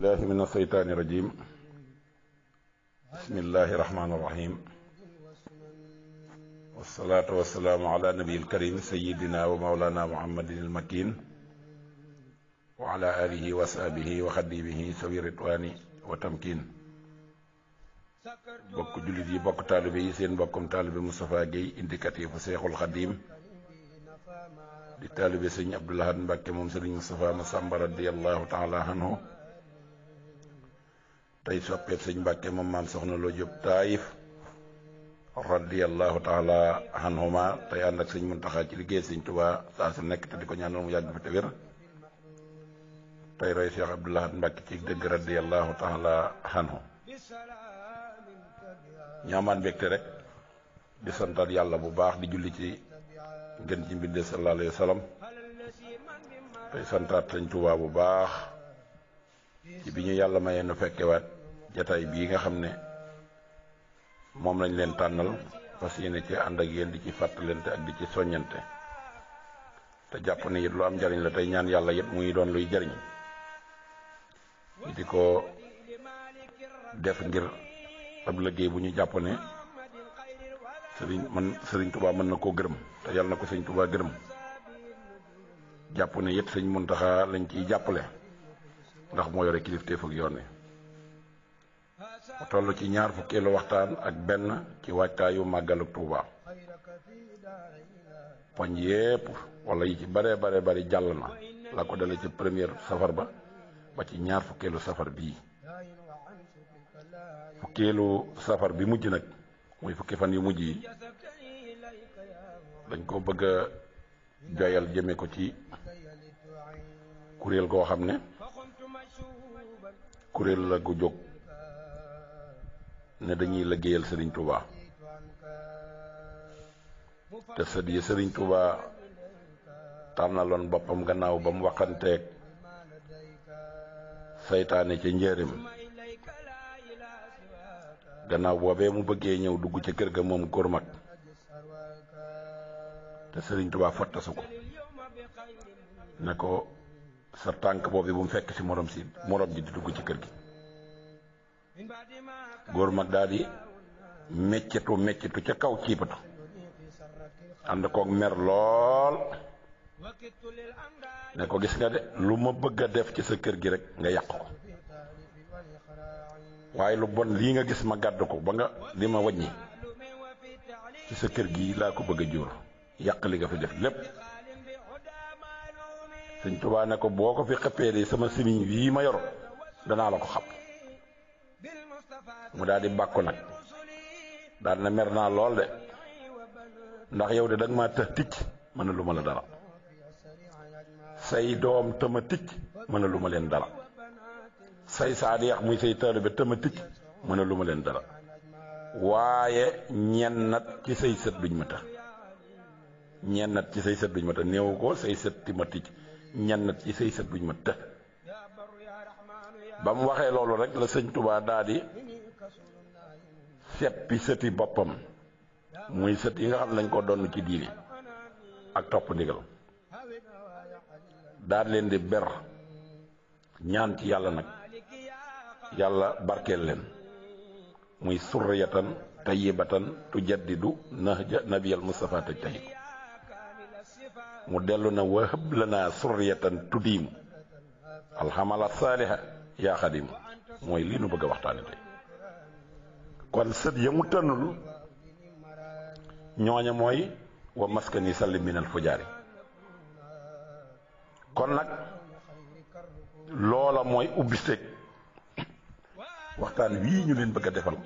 الله من الشيطان الرجيم بسم الله الرحمن الرحيم والصلاة والسلام على نبي الكريم سيدنا ومولانا محمد المكين وعلى آله وصحبه وخديمه سوي رضوان وتمكين bokk jullit yi bokk taalibe yi seen bokkum taalibe Moustapha Guèye indicatif Seexul Xadiim di taalibe sëñ Abdoul Ahad Mbacke moom sëriñ Moustapha Massamba radiyallahu taala anhu tey soppee sëñ Mbàkke moom maam soxna Lo Jóob Taayif radiyallahu taala anhuma tey ànd ak sëñ Muntaxa ci liggéey sëñ Tuubaa saa su nekk te di ko ñaanal mu yàgg fi te wér tey roy Cheikh Abdou Lahad ci dëgg radiyallahu taala anhu ñaamaan mbégte rek di santaat yàlla bu baax di julli ci gën ci mbindee sallallahu alayhi tey santaat sëñ Tuubaa bu baax ci bi ñu yàlla mayee nu fekkewaat jataay bii nga xam ne moom lañ leen tànnal fas yéene ci ànd ak yéen di ci fàttalante ak di ci soññante te jàpp ne it lu am njariñ la tey ñaan yàlla it muy doon luy jariñ di ko def ngir ab liggéey bu ñu jàpp ne sëriñ mën sëriñ tubaa mën na koo gërëm te yàlla na ko sëriñ tubaa gërëm jàpp ne yit sëñ Muntaxa lañ ciy jàppale ndax moo yore kilifteef ak yoon wi mu toll ci ñaar fukkeelu waxtaan ak benn ci waajtaayu màggalu Tuuba poñ yépp wala yi ci bare bare bari jàll na la ko dale ci première safar ba ba ci ñaar fukkeelu safar bii fukkeelu safar bi mujj nag muy fukki fan yu mujj yi dañ ko bëgg a joyal jëmme ko ci kuréel goo xam ne kuréel la gu jóg ne dañuy liggéeyal Serigne Touba te sët yi Serigne Touba tànnaloon boppam gannaaw ba mu waxanteeg seytaane ci njërim gannaaw boobee mu bëggee ñëw dugg ci kër ga moom góor mag te Serigne Touba fottasu ko ne ko sa tànk boobu bu mu fekk ci morom si morom ji di dugg ci kër gi. góor mag daal di méccatu méccatu ca kaw ciibatu ànd koog mer lool ne ko gis nga de lu ma bëgg a def ci sa kër gi rekk nga yàq ko waaye lu bon lii nga gis ma gàdd ko ba nga li ma wàññi ci sa kër gi laa ko bëgg a jóor yàq li nga fi def lépp Sëñ Tuubaa ko boo ko fi xëppee de sama simiñ wii ma yor danaa la ko xam mu daal di bàkku nag daal na mer naa lool de ndax yow de danga ma tëx tikk mën na lu ma la dara say doom ma tikk mën na lu ma leen dara say saadiyax muy say taalu bi tëma tikk mën lu ma leen dara waaye ñennat ci say sët buñ ma tax ñennat ci say sët buñ ma tax néew ko say sët ti ma tikk ñennat ci say sët duñ ma tax ba mu waxee loolu rek la sëñ Tuubaa daa di seppi sëti boppam muy sët yi nga xam nañ ko donn ci diine ak topp ndigal daan leen di ber ñaan ci yàlla nag yàlla barkeel leen muy surriyatan tayyibatan tujaddidu nahja nabiyal Mustafa taj tayyib mu dellu na wahab lana surriyatan tuddiim alxamala saaliha yaa xadim mooy lii nu bëgg a waxtaane kon sët ya mu tënnul ñooña mooy wa maskani sallim minal fujaari kon nag loola mooy ubbisteeg waxtaan wii ñu leen bëgg a defal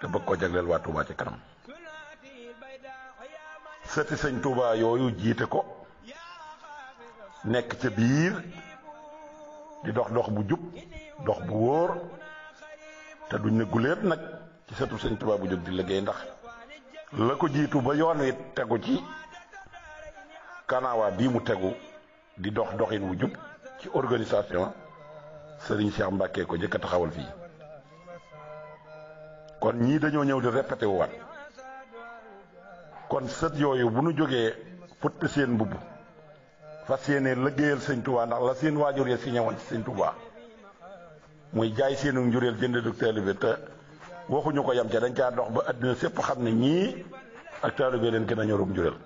te bëgg ko jagleel waa Touba ci kanam sëti sëñ Touba yooyu jiite ko nekk ca biir di dox dox bu jub dox bu wóor te duñ ne guleet nag ci satub sëñ tubaabu jóg di liggéey ndax la ko jiitu ba yoon wi tegu ci kanawaa bii mu tegu di dox doxin wu jub ci organisation sëriñ Cheikh Mbacke ko jëkk a taxawal fii kon ñii dañoo ñëw di répété wu waat kon sët yooyu bu nu jógee futti seen mbubb fas yéene liggéeyal sëñ Tuubaa ndax la seen waajur ya si ñëwoon ci sëñ Tuubaa muy jaay seenu njureel jënd du taalibe te waxuñu ko yam ca dañ caa dox ba àddina sépp xam ne ñii ak taalibe leen gën a ñorub njureel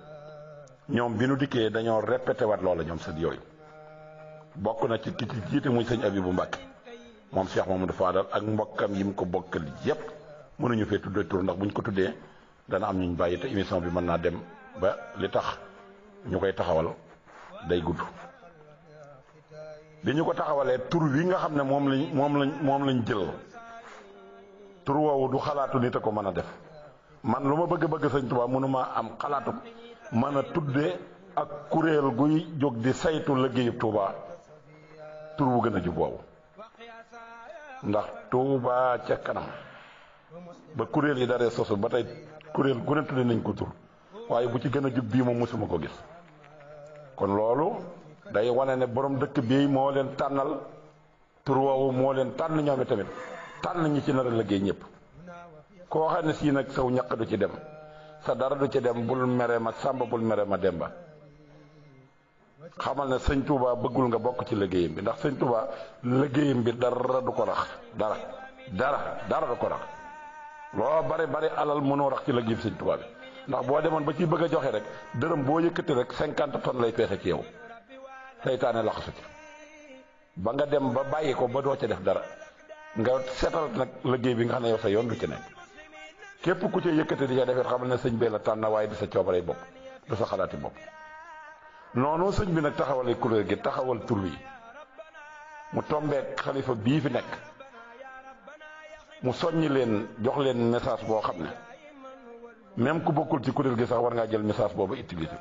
ñoom bi nu dikkee dañoo répété waat loola ñoom sët yooyu bokk na ci ki ci jiite muy sëñ bu Mbàkke moom Cheikh Mamadou Fadal ak mbokkam yi mu ko bokkal yépp mënuñu fee tuddee tur ndax buñ ko tuddee dana am ñu ñu bàyyi te émission bi mën naa dem ba li tax ñu koy taxawal day gudd bi ñu ko taxawalee tur wi nga xam ne moom lañ moom lañ moom lañ jël tur woowu du xalaatu nit a ko mën a def man lu ma bëgg bëgg sëñ Tuubaa mënuma am xalaatu mën a tudde ak kuréel guy jóg di saytu liggéeyub Tuubaa tur wu gën a jub woowu ndax Tuubaa ca kanam ba kuréel yi daree sosu ba tey kuréel gu ne tudde nañ ko tur waaye bu ci gën a jub bii moom mësuma ko gis kon loolu day wane ne borom dëkk bii moo leen tànnal tur wow moo leen tànn ñoom tamit tànn ñi ci nar a liggéey ñëpp koo xam ne sii nag saw ñaq du ci dem sa dara du ci dem bul mere ma sàmba bul mere ma dem ba xamal ne sëñ Touba bëggul nga bokk ci liggéeyam bi ndax sëñ Touba liggéeyam bi dara du ko rax dara dara dara du ko rax loo bari bari alal mënoo rax ci liggéeyam sëñ Touba bi ndax boo demoon ba ci bëgg a joxe rek dërëm boo yëkkati rek cinquante tonnes lay peese ci yow. seytaane laxasu ci ba nga dem ba bàyyi ko ba doo ca def dara nga seetal nag liggéey bi nga xam ne yow sa yoon du ci nekk képp ku ci yëkkati di ca defet xam ne sëñ bee la tànn waaye bi sa coobaree bopp du sa xalaati bopp noonu sëñ bi nag taxawale couleur gi taxawal tur wi mu tombeek xalifa bii fi nekk mu soññ leen jox leen message boo xam ne même ku bokkul ci kuréel gi sax war ngaa jël message boobu utiliser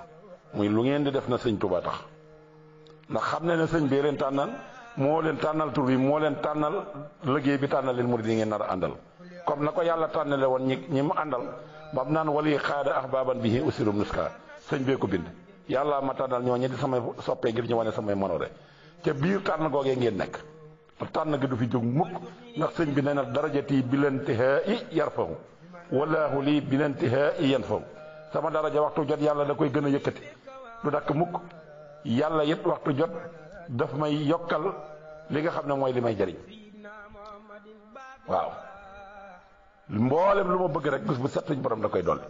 muy lu ngeen di def na sëñ Tuubaa tax ndax xam ne ne sëñ bee leen tànnal moo leen tànnal tur bi moo leen tànnal liggéey bi tànnal leen murid yi ngeen nar a àndal comme na ko yàlla tànnale woon ñi ñi mu àndal bam naan wali xaada ax baaban bi usirum nuska sëñ bee ko bind yàlla ma tànnal ñoo ñi di samay soppee ngir ñu wane samay monore ca biir tànn googee ngeen nekk tànn gi du fi jóg mukk ndax sëñ bi nee na darajati bi leen tihaa i yar fawu walaahu lii bi leen tihaa i yan fawu sama daraja waxtu yàlla da koy gën a yàlla yit waxtu jot daf may yokkal li nga xam ne mooy li may jariñ waaw mboolem lu ma bëgg rek bés bu set suñu borom da koy dolli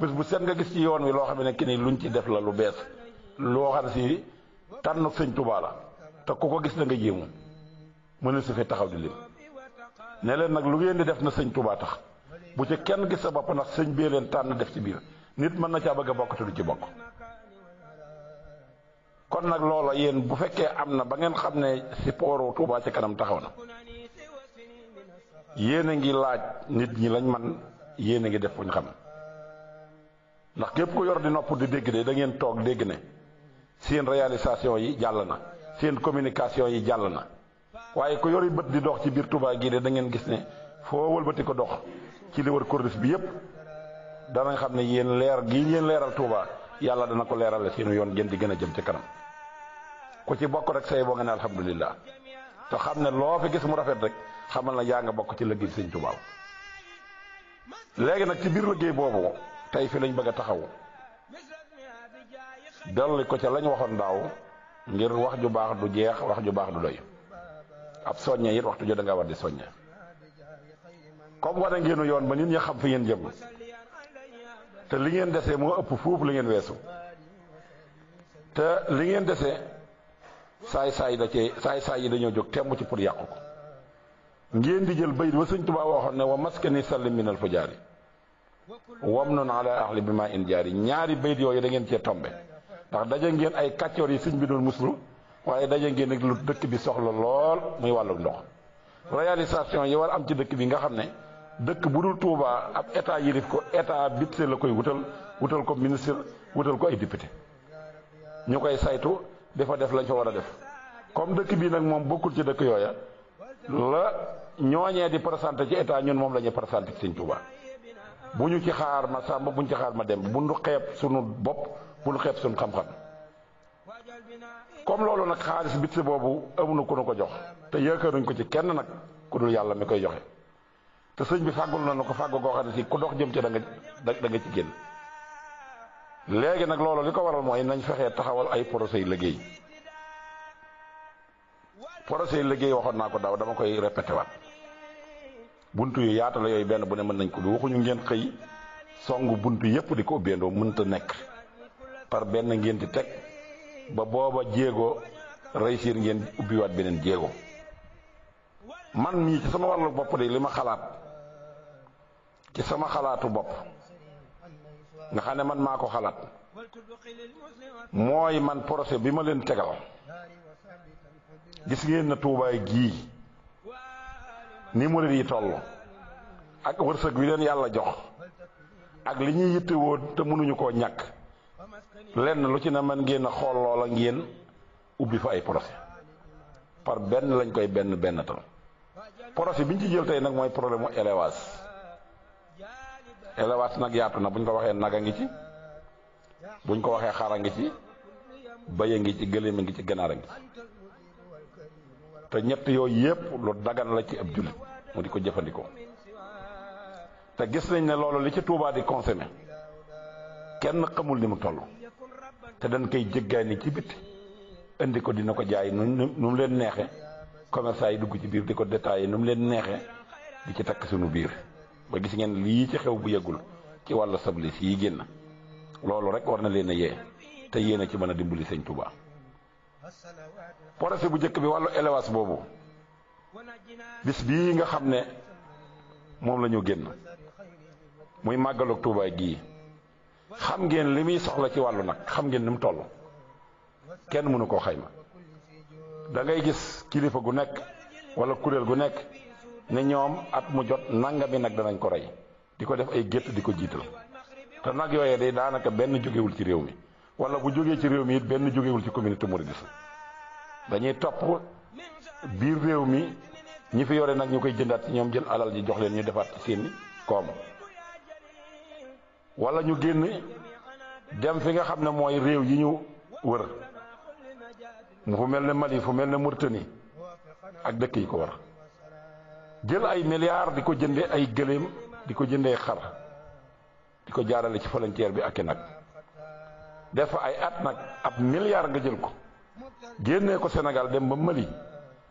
bés bu set nga gis ci yoon wi loo xam ne ki ni luñ ci def la lu bees loo ne si tànn sëñ Tuubaa la te ku ko gis na nga jéemu mënul su fi taxaw di lim ne leen nag lu ngeen di def na sëñ tubaa tax bu ci kenn gis sa bopp ndax sëñ bee leen tànn def ci biir nit mën na caa bëgg a bokk te ci bokk kon nag loola yéen bu fekkee am na ba ngeen xam ne sipooru Touba ci kanam taxaw na yéen a ngi laaj nit ñi lañ man yéen a ngi def fuñ xam ndax képp ku yor di nopp di dégg de da ngeen toog dégg ne seen réalisation yi jàll na seen communication yi jàll na waaye ku yori bët di dox ci biir Touba gii de da ngeen gis ne foo wëlbati ko dox ci li wër corniche bi yépp danañ xam ne yéen leer gii yéen leeral Touba yàlla dana ko leerale seenu yoon gën di gën a jëm ci kanam ku ci bokk rek say boo nga ne alhamdulilah te xam ne loo fi gis mu rafet rek xamal na yaa nga bokk ci liggéey sëñ Tuubaa léegi nag ci biir liggéey boobu tey fi lañ bëgg a taxaw dolli ko ca lañu waxoon daaw ngir wax ju baax du jeex wax ju baax du doy ab soññe it waxtu jo da ngaa war di soññe comme wane ngeenu yoon ba nit ñi xam fi ngeen jëm te li ngeen dese moo ëpp fuuf li ngeen weesu te li ngeen dese saay saay da cee saay saay yi dañoo jóg temm ci pour yàqu ko ngeen di jël bayit wa sëñ Tuubaa waxoon ne wa maskani sallim minal fujaari wamnun ala ahli bi ma in jaari ñaari bayit yooyu da ngeen cee tombe ndax daje ngeen ay kàccoor yi sëñ bi doon muslu waaye daje ngeen ak lu dëkk bi soxla lool muy wàllu ndox réalisation yi war am ci dëkk bi nga xam ne dëkk bu dul Touba ab état yilif ko état bitse la koy wutal wutal ko ministre wutal ko ay député ñu koy saytu dafa def lañ fa war a def comme dëkk bii nag moom bokkul ci dëkk yooya la ñooñee di présenté ci état ñun moom la ñuy présenté ci Sëñ Tuuba bu ñu ci xaar ma sàmm bu ñu ci xaar ma dem bu ñu xeeb sunu bopp bu ñu xeeb sunu xam-xam comme loolu nag xaalis si boobu amuñu ku nu ko jox te yaakaaruñ ko ci kenn nag ku dul yàlla mi koy joxe te sëñ bi fàggul na nu ko fàggu koo xam ne si ku dox jëm ci da nga da nga ci génn léegi nag loolu li ko waral mooy nañ fexee taxawal ay projet yu liggéey projet yu liggéey waxoon naa ko daw dama koy répété waat bunt yu yaata la yooyu benn bu ne mën nañ ko bi waxuñu ngeen xëy song bunt yépp di ko ubbeendoo mënta nekk par benn ngeen di teg ba booba jéego réussir ngeen ubbiwaat beneen jéego man mii ci sama wàllu bopp de li ma xalaat ci sama xalaatu bopp nga xam ne man maa ko xalaat mooy man projet bi ma leen tegal gis ngeen na tuubaay gii ni murid yi ak wërsëg wi leen yàlla jox ak li ñuy yittewoo te mënuñu koo ñàkk lenn lu ci na man ngeen a xool loola ngeen ubbi fu ay projet par benn lañ koy benn benn tal projet bi ñu ci jël tey nag mooy problème mu élevage elewaat nag yaatu na buñ ko waxee nag a ngi ci buñ ko waxee xar a ngi ci bëy a ngi ci gëléem a ngi ci ganaar a ngi ci te ñett yooyu yépp lu dagan la ci ab jullit mu di ko jëfandikoo te gis nañ ne loolu li ci Tuubaa di consommé kenn xamul ni mu toll te dañ koy jéggaay ni ci biti indi ko dina ko jaay nu mu leen neexe commerçant yi dugg ci biir di ko détaillé nu mu leen neexe di ci takk sunu biir ba gis ngeen lii ci xew bu yëggul ci wàllu sablis yi génn loolu rek war na leen a te yéen a ci mën a dimbali sëñ Touba projet bu njëkk bi wàllu élevage boobu bis bii nga xam ne moom la génn muy màggalu tuubaay gii xam ngeen li muy soxla ci wàllu nag xam ngeen ni mu toll kenn mënu koo xayma da gis kilifa gu nekk wala kuréel gu nekk. ne ñoom at mu jot nangami nag danañ ko rey di ko def ay gétt di ko jiital te nag yooyee day daanaka benn jógewul ci réew mi wala bu jógee ci réew mi benn jógewul ci communauté mouridisme dañuy topp biir réew mi ñi fi yore nag ñu koy jëndaat ci ñoom jël alal ji jox leen ñu defaat ci seeni koom wala ñu génn dem fi nga xam ne mooy réew yi ñu wër mu fu mel ne Mali fu mel ne Mauritanie ak dëkk yi ko war jël ay milliards di ko jënde ay gëléem di ko jëndee xar di ko jaarale ci frontière bi ak nag def fa ay at nag ab milliard nga jël ko génnee ko senegal dem ba Mali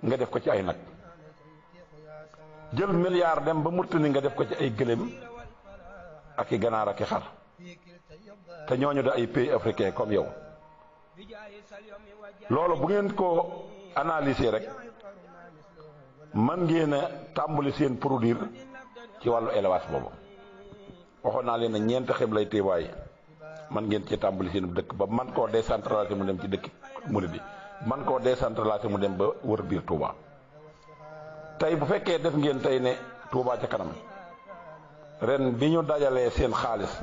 nga def ko ci ay nag jël milliard dem ba Mauritanie nga def ko ci ay gëléem ak i ganaar ak i xar te ñooñu da ay pays africain comme yow loolu bu ngeen ko analyser rek man ngeen a tàmbali seen produire ci wàllu élevage boobu waxoon naa leen a ñeent xeb lay téewaay man ngeen cee tàmbali seen dëkk ba man koo décentralisé mu dem ci dëkk murid bi man koo décentralisé mu dem ba wër biir Touba tey bu fekkee def ngeen tey ne tuubaa ca kanam ren bi ñu dajalee seen xaalis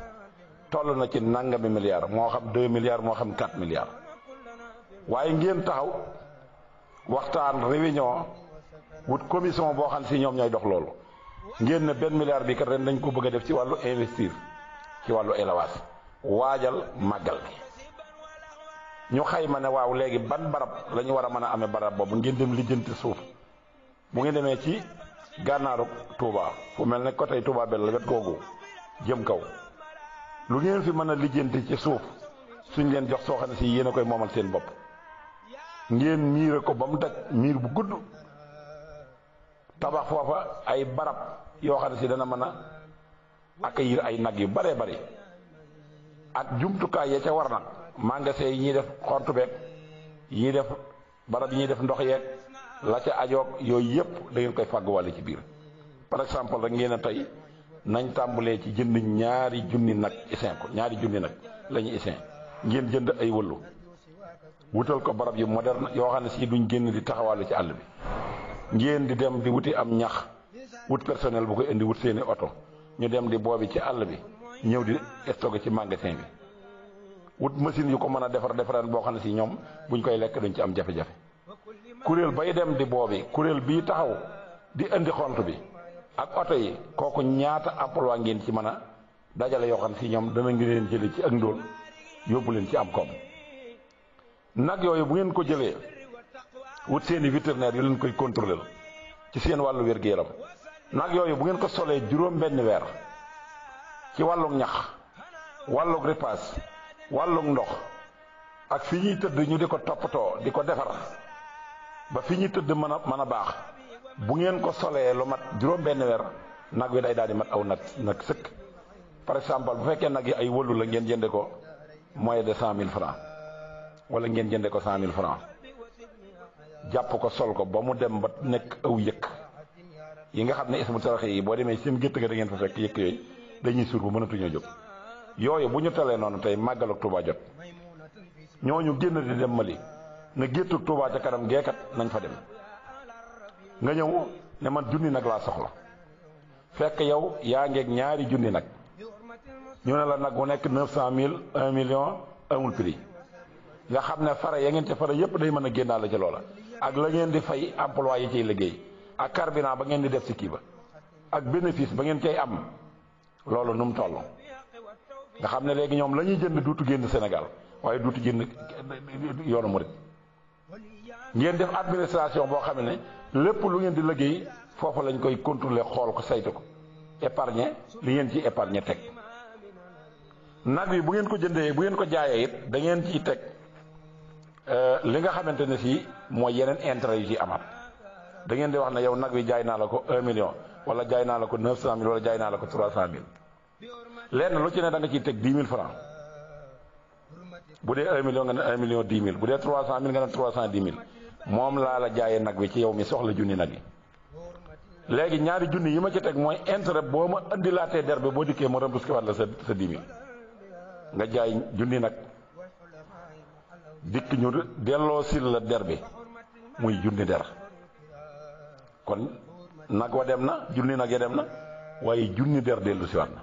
tollu na ci nangami milliards moo xam 2 milliards moo xam 4 milliards waaye ngeen taxaw waxtaan réunion. wut commission boo xam si ñoom ñooy dox loolu ngeen ne benn milliard bi kat ren dañ ko bëgg a def ci wàllu investir ci wàllu élevage waajal màggal gi ñu xayma ne waaw léegi ban barab lañu war a mën a amee barab boobu ngeen dem lijjanti suuf bu ngeen demee ci gànnaaru Touba fu mel ne côté Touba bel la wet googu jëm kaw lu ngeen fi mën a lijjanti ci suuf suñ leen jox soo xam ne si yéen a koy moomal seen bopp ngeen miire ko ba mu daj miir bu gudd. tabax foofa ay barab yoo xam ne si dana mën a accueillir ay nag yu bare bari ak jumtukaay ya ca war nag magasin yi ñuy def xontu beeg yi def barab yi ñuy def ndox yeeg la ca ajoog yooyu yëpp da ngeen koy fàgguwàlle ci biir par exemple rek ngeen a tey nañ tàmbulee ci jënd ñaari junni nag isin ko ñaari junni nag la ñu isin ngeen jënd ay wëllu wutal ko barab yu moderne yoo xam ne si duñ génn di taxawàllu ci àll bi ngéen di dem di wuti am ñax wut personnel bu ko indi wut seeni oto ñu dem di boobi ci àll bi ñëw di stocké ci magasin bi wut machine yu ko mën a defar defaraan boo xam ne si ñoom buñ koy lekk duñ ci am jafe-jafe kuréel bay dem di boobi kuréel bii taxaw di indi xont bi ak oto yi kooku ñaata emploi ngeen ci mën a dajale yoo xam ne si ñoom dana ngi leen jële ci ak ndóol yóbbu leen ci am koom nag yooyu bu ngeen ko jëlee wut seeni i vétérinaire yu leen koy contrôlé ci seen wàllu wér-gu-yaram nag yooyu bu ngeen ko solee juróom benn weer ci wàllug ñax wàllug repasse wàllu ndox ak fi ñuy tëdd ñu di ko toppatoo di ko defar ba fi ñuy tëdd mën a mën a baax bu ngeen ko solee lu mat juróom benn weer nag wi day daal di mat aw nag nag sëkk par exemple bu fekkee nag yi ay wëllu la ngeen jënde ko moyen de cent mille francs wala ngeen jënde ko cent mille francs jàpp ko sol ko ba mu dem ba nekk aw yëkk yi nga xam ne ismu taraxe yi boo demee seen gétt ga da ngeen fa fekk yëkk yooyu dañuy suur bu mënatuñoo jóg yooyu bu ñu talee noonu tey màggal ak Touba jot ñooñu génn di dem Mali na géttu Touba ca kanam geekat nañ fa dem nga ñëw ne man junni nag laa soxla fekk yow yaa ngeeg ñaari junni nag ñu ne la nag bu nekk neuf cent mille un million amul prix nga xam ne fara ya ngeen ca fara yépp day mën a génnaale ci loola ak la ngeen di fay employé ciy liggéey ak carburant ba ngeen di def ci kii ba ak bénéfice ba ngeen cay am loolu nu mu toll nga xam ne léegi ñoom lañuy jënd duuti génn senegal waaye duuti génn yoonu murit ngeen def administration boo xam ne lépp lu ngeen di liggéey foofu lañ koy contrôler xool ko saytu ko épargne li ngeen ci épargne teg nag wi bu ngeen ko jëndee bu ngeen ko jaayee it da ngeen ciy teg Euh, li nga xamante ne sii mooy yeneen intérêt yu ci amaat da ngeen di wax ne yow nag wi jaay naa la ko un million wala jaay naa la ko neuf cent mille wala jaay naa la ko trois cent mille lenn ci ne da nga ciy teg dix mille francs bu dee un million nga ne un million bu dee trois cent mille nga trois cent dix mille moom jaayee nag wi ci yow mi soxla junni nag yi léegi ñaari junni yi ma ci teg mooy intérêt boo ma indilaatee der bi boo dikkee ma remboursé waat la sa sa dix mille nga jaay junni nag dikk ñu delloo sil la der bi muy junni der kon nag wa dem na junni nag ya dem na waaye junni der dellu si waat na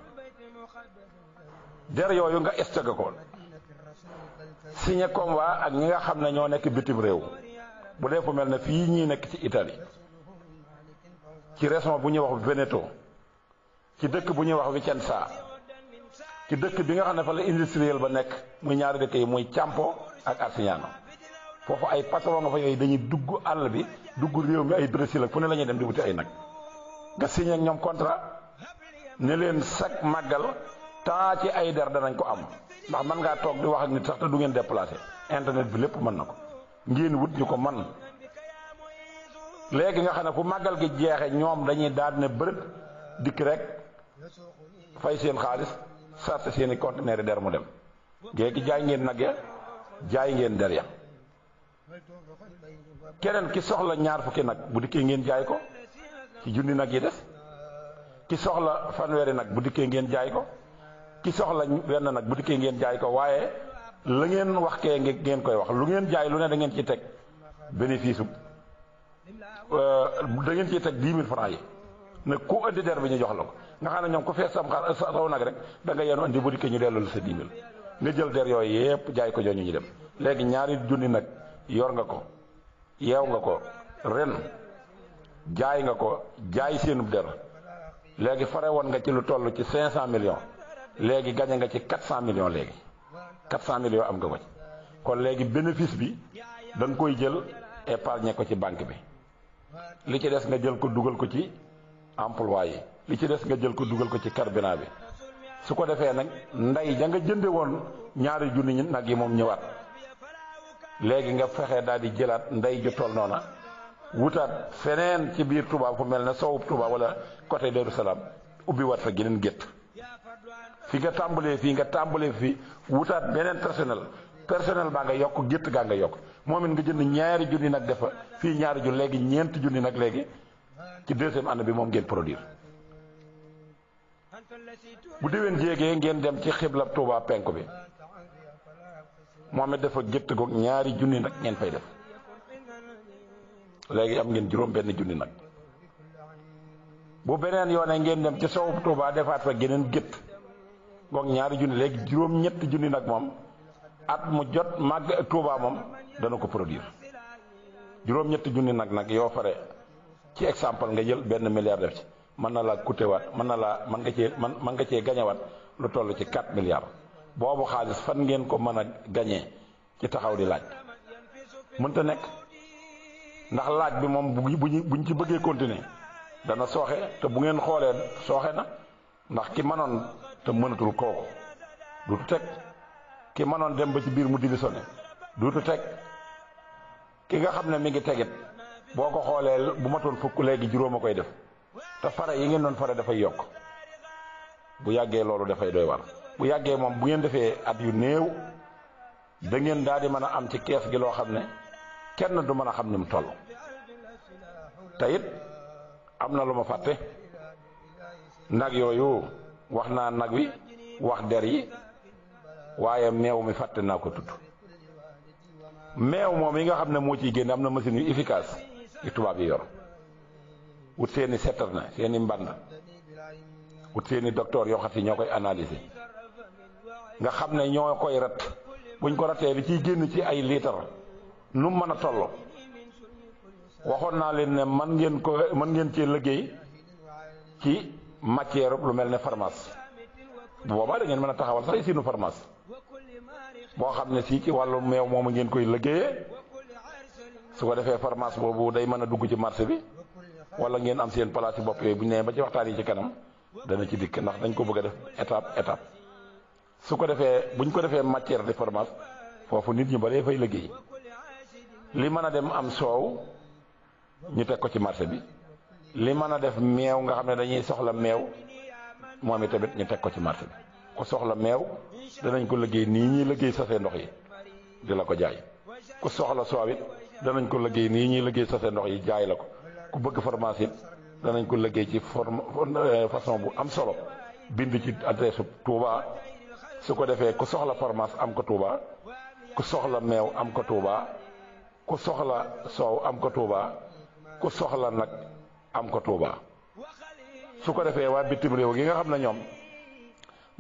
der yooyu nga stocké ko signé combat ak ñi nga xam ne ñoo nekk bitim réew bu dee fu mel ne fii ñuy nekk ci Italie ci région bu ñuy wax Veneto ci dëkk bu ñuy wax Vicenza ci dëkk bi nga xam ne fa la industriel ba nekk muy ñaari dëkk yi muy càmpo ak Arpignano foofu ay patron nga fa yooyu dañuy dugg àll bi dugg réew mi ay Brésil ak fu ne la ñuy dem di wuti ay nag nga signé ñoom kontra ne leen sag màggal temps ci ay der danañ ko am ndax mën ngaa toog di wax ak nit sax te du ngeen déplacé internet bi lépp mën na ko ngeen wut ñu ko man léegi nga xam ne fu màggal gi jeexee ñoom dañuy daal ne bërët dikk rek fay seen xaalis sarse seen i der mu dem géegi jaay ngeen nag ya jaay ngeen der ya keneen ki soxla ñaar fukki nag bu dikkee ngeen jaay ko ci junni nag yi des ki soxla fanweeri nag bu dikkee ngeen jaay ko ki soxla wenn nag bu dikkee ngeen ko waaye la ngeen wax kee ngeen koy wax lu ngeen jaay lu ne da ngeen ci teg bénéfice da ngeen ciy teg dix mille francs yi ne ku andi der bi ñu jox la ko nga xam ne ñoom ku fees sam xar saw nag rek da nga yenu andi bu dikkee ñu delloo la sa dix nga jël der yooyu yépp jaay ko jooñu ñu dem léegi ñaari junni nag yor nga ko yeew nga ko ren jaay nga ko jaay seenub der léegi fare woon nga ci lu toll ci cinq cent millions léegi gañe nga ci quatre cent millions léegi quatre cent am nga ko ci kon léegi bénéfice bi da koy jël épargne ko ci banque bi li ci des nga jël ko dugal ko ci emploi yi li ci des nga jël ko dugal ko ci carburant bi su ko defee nag nday ja nga jënde woon ñaari junni nag yi moom ñëwaat léegi nga fexe daal di jëlaat nday ju toll noona wutaat feneen ci biir tubaab fu mel ne sowub Touba wala côté Darou Salaam ubbi waat fa geneen gétt fi nga tàmbalee fii nga tàmbalee fii wutaat beneen personnel personnel baa nga yokk gétt gaa nga yokk moom it nga jënd ñaari junni nag defa fii ñaari ju léegi ñeenti junni nag léegi ci deuxième année bi moom ngeen produire bu déwén jéegee ngeen dem ci xiblab Touba penku bi moom it dafa gétt ko ñaari junni nag ngeen fay def léegi am ngeen juróom benn junni nag bu beneen yoone ngeen dem ci sowub Touba defaat fa geneen gétt goog ñaari junni léegi juróom ñetti junni nag moom at mu jot màgg ak moom dana ko produire juróom ñetti junni nag nag yoo fare ci exemple nga jël benn milliard def ci mën na laa coûtewaat mën na laa mën nga cee man mën nga cee gañewaat lu toll ci 4 milliards boobu xaalis fan ngeen ko mën a gañee ci taxaw di laaj mënta nekk ndax laaj bi moom bu buñ buñ ci bëggee continuer dana sooxe te bu ngeen xoolee sooxe na ndax ki mënoon te mënatul kooku duutu teg ki mënoon dem ba ci biir mu démissionné duutu teg ki nga xam ne mi ngi tegit boo ko xoolee bu matoon fukk léegi juróom a koy def te fare yi ngeen doon fare dafay yokk bu yàggee loolu dafay doy war bu yàggee moom bu ngeen defee at yu néew da ngeen daal di mën a am ci kees gi loo xam ne kenn du mën a xam ni mu toll te it am na lu ma fàtte nag yooyu wax naa nag wi wax der yi waaye meew mi fàtte naa ko tudd meew moom yi nga xam ne moo ciy génne am na machine yu efficace yu tubaab yi yor wut seeni setar na seeni mbànd wut seeni docteur yoo xam si ñoo koy analyser nga xam ne ñoo koy rat buñ ko ratee li ciy génn ci ay liitar nu mën a toll waxoon naa leen ne man ngeen ko mën ngeen cee liggéey ci matière lu mel ne pharmacie bu boobaa da ngeen mën a taxawal sax sinu pharmacie boo xam ne sii ci wàllu meew moom ngeen koy liggéeyee su ko defee pharmacie boobu day mën a dugg ci marché bi wala ngeen am seen palaas yi bopp bu ñu nee ba ci waxtaan yi ci kanam dana ci dikk ndax dañ ko bëgg a def étape étape su ko defee bu ñu ko defee matière de formation foofu nit ñu bëree fay liggéey li mën a dem am soow ñu teg ko ci marché bi li mën a def meew nga xam ne dañuy soxla meew moom i tamit ñu teg ko ci marché bi ku soxla meew danañ ko liggéey nii ñuy liggéey sosee ndox yi di la ko jaay ku soxla soow it danañ ko liggéey nii ñuy liggéey sase ndox yi jaay la ko ku bëgg pharmacie danañ ko liggéey ci forme euh, façon bu am solo bind ci adresse Touba su ko defee ku soxla pharmacie am ko Touba ku soxla meew am ko Touba soow am ko Touba ku soxla nag am ko Touba su ko defee waa bitim réew yi nga xam na ñoom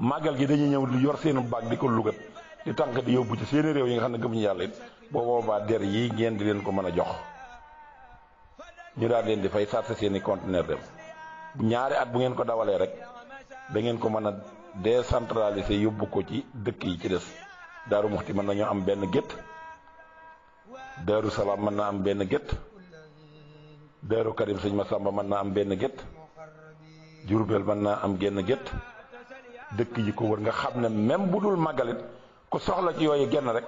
màggal gi dañuy ñëw di yor seenu baag di ko lugat di tànk di yóbbu ci seeni réew yi nga xam ne gëmuñu yàlla it boo boobaa der yi ngeen di leen ko mën a jox ñu daal leen di fay sarse seeni i conteneur dem ñaari at bu ngeen ko dawalee rek da ngeen ko mën a décentraliser yóbbu ko ci dëkk yi ci des daaru muxti mën nañoo am benn gétt daaru salaam mën na am benn gétt daaru karim sëñ Masamba mën naa am benn gétt jurbel mën naa am genn gétt dëkk yi ko wër nga xam ne même bu dul màggalit ku soxla ci yooyu genn rek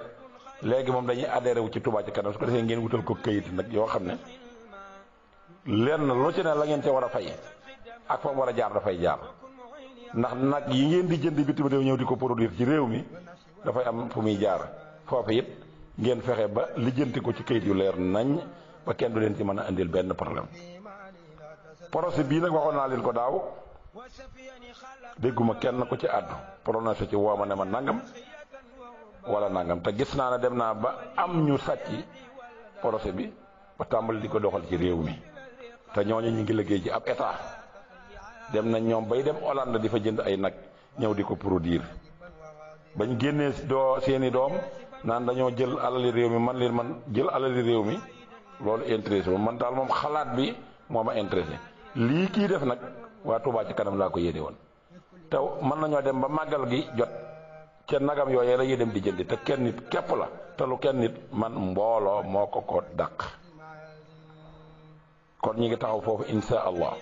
léegi moom dañuy adhéré wu ci Touba ci kanam su ko defee ngeen wutal ko këyit nag yoo xam ne lenn lu ci ne la ngeen ca war a fay ak fa war a jaar dafay jaar ndax nag yi ngeen di jënd bitim réew ñëw di ko produire ci réew mi dafay am fu muy jaar foofu it ngeen fexe ba lijjanti ko ci kayit yu leer nañ ba kenn du leen ci mën a indil benn problème projet bii nag waxoon naa leen ko daaw dégguma kenn ko ci àddu prononcé ci wooma ne ma nangam wala nangam te gis naa ne dem naa ba am ñu sàcc projet bi ba tàmbali di ko doxal ci réew mi te ñooñu ñu ngi liggéey ji ab état dem nañ ñoom bay dem Hollande di fa jënd ay nag ñëw di ko produire bañ génnee doo seeni doom naan dañoo jël alali réew mi man leen man jël alali réew mi loolu intéressé man daal moom xalaat bi moom ma intéressé lii kii def nag waa Touba ci kanam laa ko yéene woon te mën nañoo dem ba màggal gi jot ca nagam yooyee la ñuy dem di jëndi te kenn nit képp la te lu kenn nit man mbooloo moo ko ko dàq kon ñi ngi taxaw foofu insha allah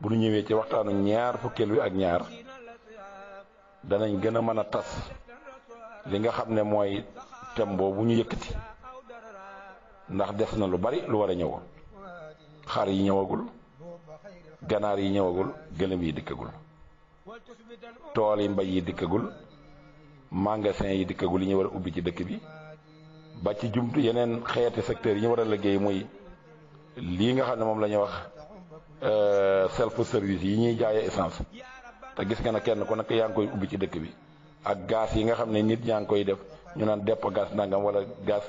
bu ñu ñëwee ci waxtaanu ñaar fukkeel wi ak ñaar danañ gën a mën a tas li nga xam ne mooy thème boobu ñu yëkkati ndax des na lu bari lu war a ñëw xar yi ñëwagul ganaar yi ñëwagul gëlëm yi dikkagul tool yi mbay yi dikkagul magasin yi dikkagul yi ñu war a ubbi ci dëkk bi ba ci jumtu yeneen xeeti secteur yi ñu war a liggéey muy lii nga xam ne moom la ñuy wax euh, self service yi ñuy jaayee essence te gis nga ne kenn ku nekk yaa ngi koy ubbi ci dëkk bi ak gaz yi nga xam ne nit ñaa ngi koy def ñu naan depp gaz nangam wala gaz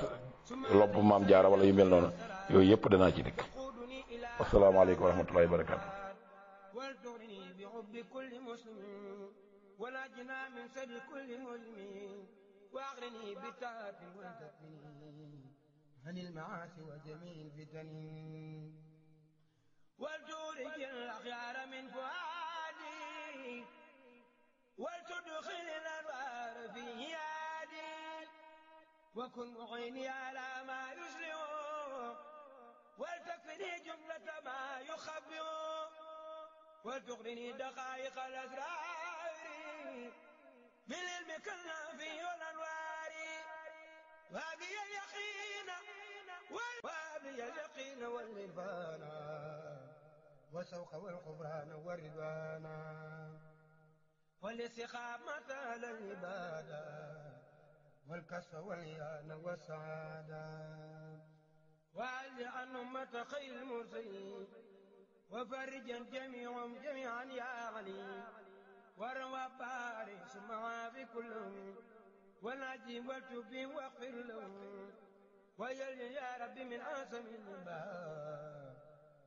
lopp maam jaara wala yu mel noonu yooyu yépp danaa ci dëkk wasalaamaaleykum wa rahmatullahi عن المعاصي وجميع الفتن ولتورج الأخيار من فؤادي ولتدخل الأنوار في هيادي وكن معيني على ما يسلم ولتكفني جملة ما يخبئ ولتغنني دقائق الأسرار بالعلم كالنافي والأنوار وهذه اليقين لي اليقين والإبان والسوق والغفران والرضوان والاستقامة على العبادة والكسب واليان والسعادة وعلي أن أمة خير المرسلين وفرجا جميعهم جميعا يا علي وروى باري سمعا بكلهم والعجيب والتوب واغفر لهم وجلني يا ربي من أعظم النباء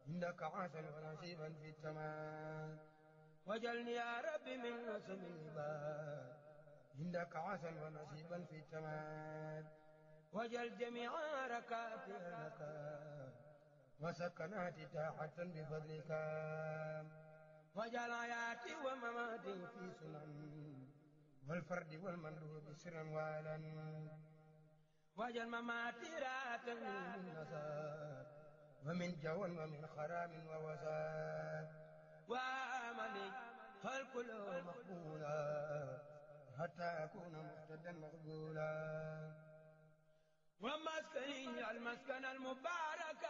إنك أعظم ونصيبا في التمام وجلني يا ربي من أعظم النباء إنك أعظم ونصيبا في التمام وجل جميع ركاب لك وسكناتي تاحة بفضلك وجل حياتي ومماتي في سنن والفرد والمندوب سرا والا واجعل مماتي راحة من نصاب ومن جو ومن خرام ووساد وآمني فالكل مقبولا حتى أكون مهتدا مقبولا ومسكني المسكن المبارك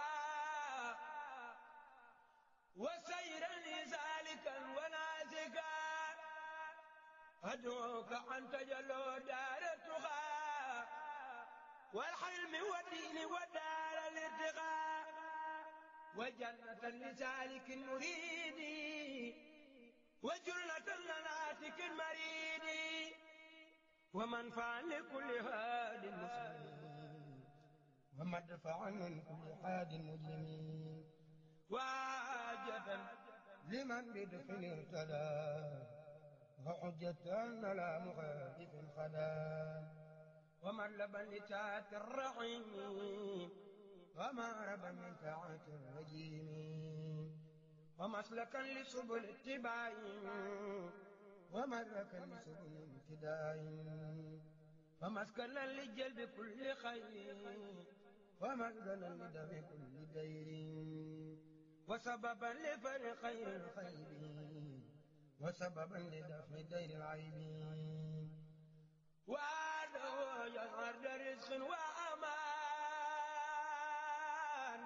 وسيرا لذلك ونازكا أدعوك أن تجلو دار التخاء والحلم والدين والدار الارتقاء وجنة لسالك مريد وجنة لناتك مريد ومنفعا لكل هاد مسلم ومدفعا من كل حاد مجرمين وعجبا لمن بدخل ارتدى وحجة لا مخالف خلال ومطلبا لتاعة الرحيم ومهربا من طاعة الرجيم ومسلكا لسبل اتباع ومدركا لسبل امتداع ومسكنا لجلب كل خير ومسكنا لدم كل دير وسببا لفر خير الخير وسببا لدفع دير العيب يظهر رزق وأمان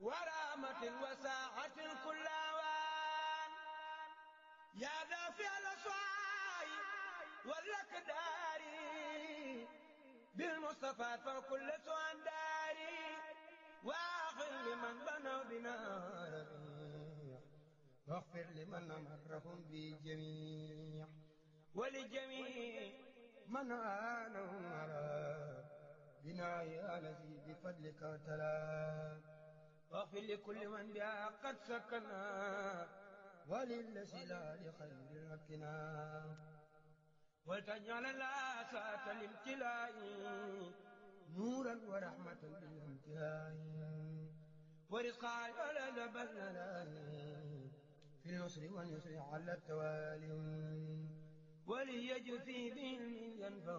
ورامة وساعة كل أوان يا دافع الأسواي والأقدار بالمصطفى فكل سؤال داري واغفر لمن بنوا بنا واغفر لمن أمرهم بجميع ولجميع من آله مرى بناي الذي بفضلك تلا واغفر لكل من بها قد سكنا وللذي لا لخير ركنا ولتجعل لا ساعة الامتلاء نورا ورحمة بالامتلاء ورزقا على بلنا في النصر واليسر على التوالي وليجثي بهم من ينفع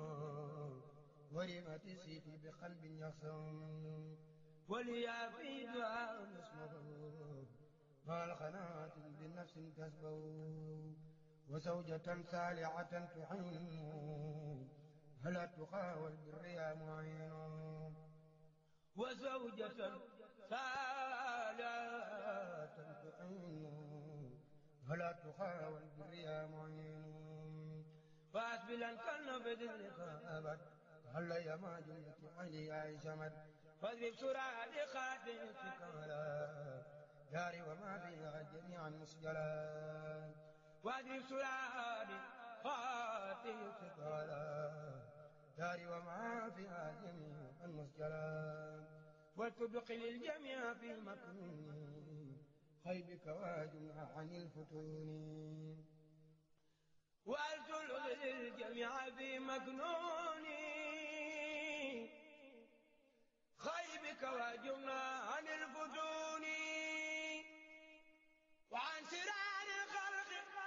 ورمت سيفي بقلب يخصم وليعفي دعاء اسمه مع القناعة بنفس كسبه وزوجة سالعة تعين فلا تقاول بالرياء معين وزوجة سالعة تعين فلا تقاول بالرياء معين baas bi lan kal no bedil liqaabat هلا يا ما جملة عيني يا جمد فاذبب سرعة لقاة كملا جاري وما فيها جميعا مسجلا واذبب سرعة لقاة كملا جاري وما فيها جميعا مسجلا والتبق للجميع في المكنون خيبك واجمع عن الفتون وأرجو الجميع في مكنوني خيبك واجبنا عن الفتون وعن سرار الخلق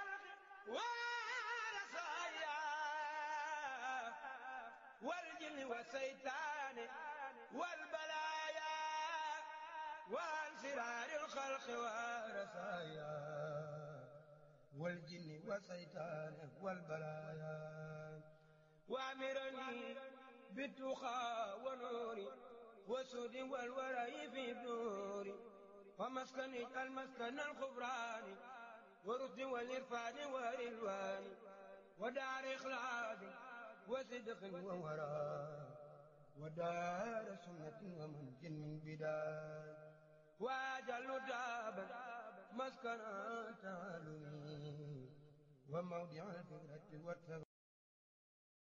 والرصايا والجن والشيطان والبلايا وعن سرار الخلق والرصايا والجن والسيطان والبلايا وامرني بالتقى ونوري وسود والورع في دوري ومسكني المسكن الخبراني ورشد والإرفاد والإلوان ودار إخلاد وصدق ووراء ودار سنة ومنج من بداية واجل دابا مسكنا تعلمي wa mawdia alfikrati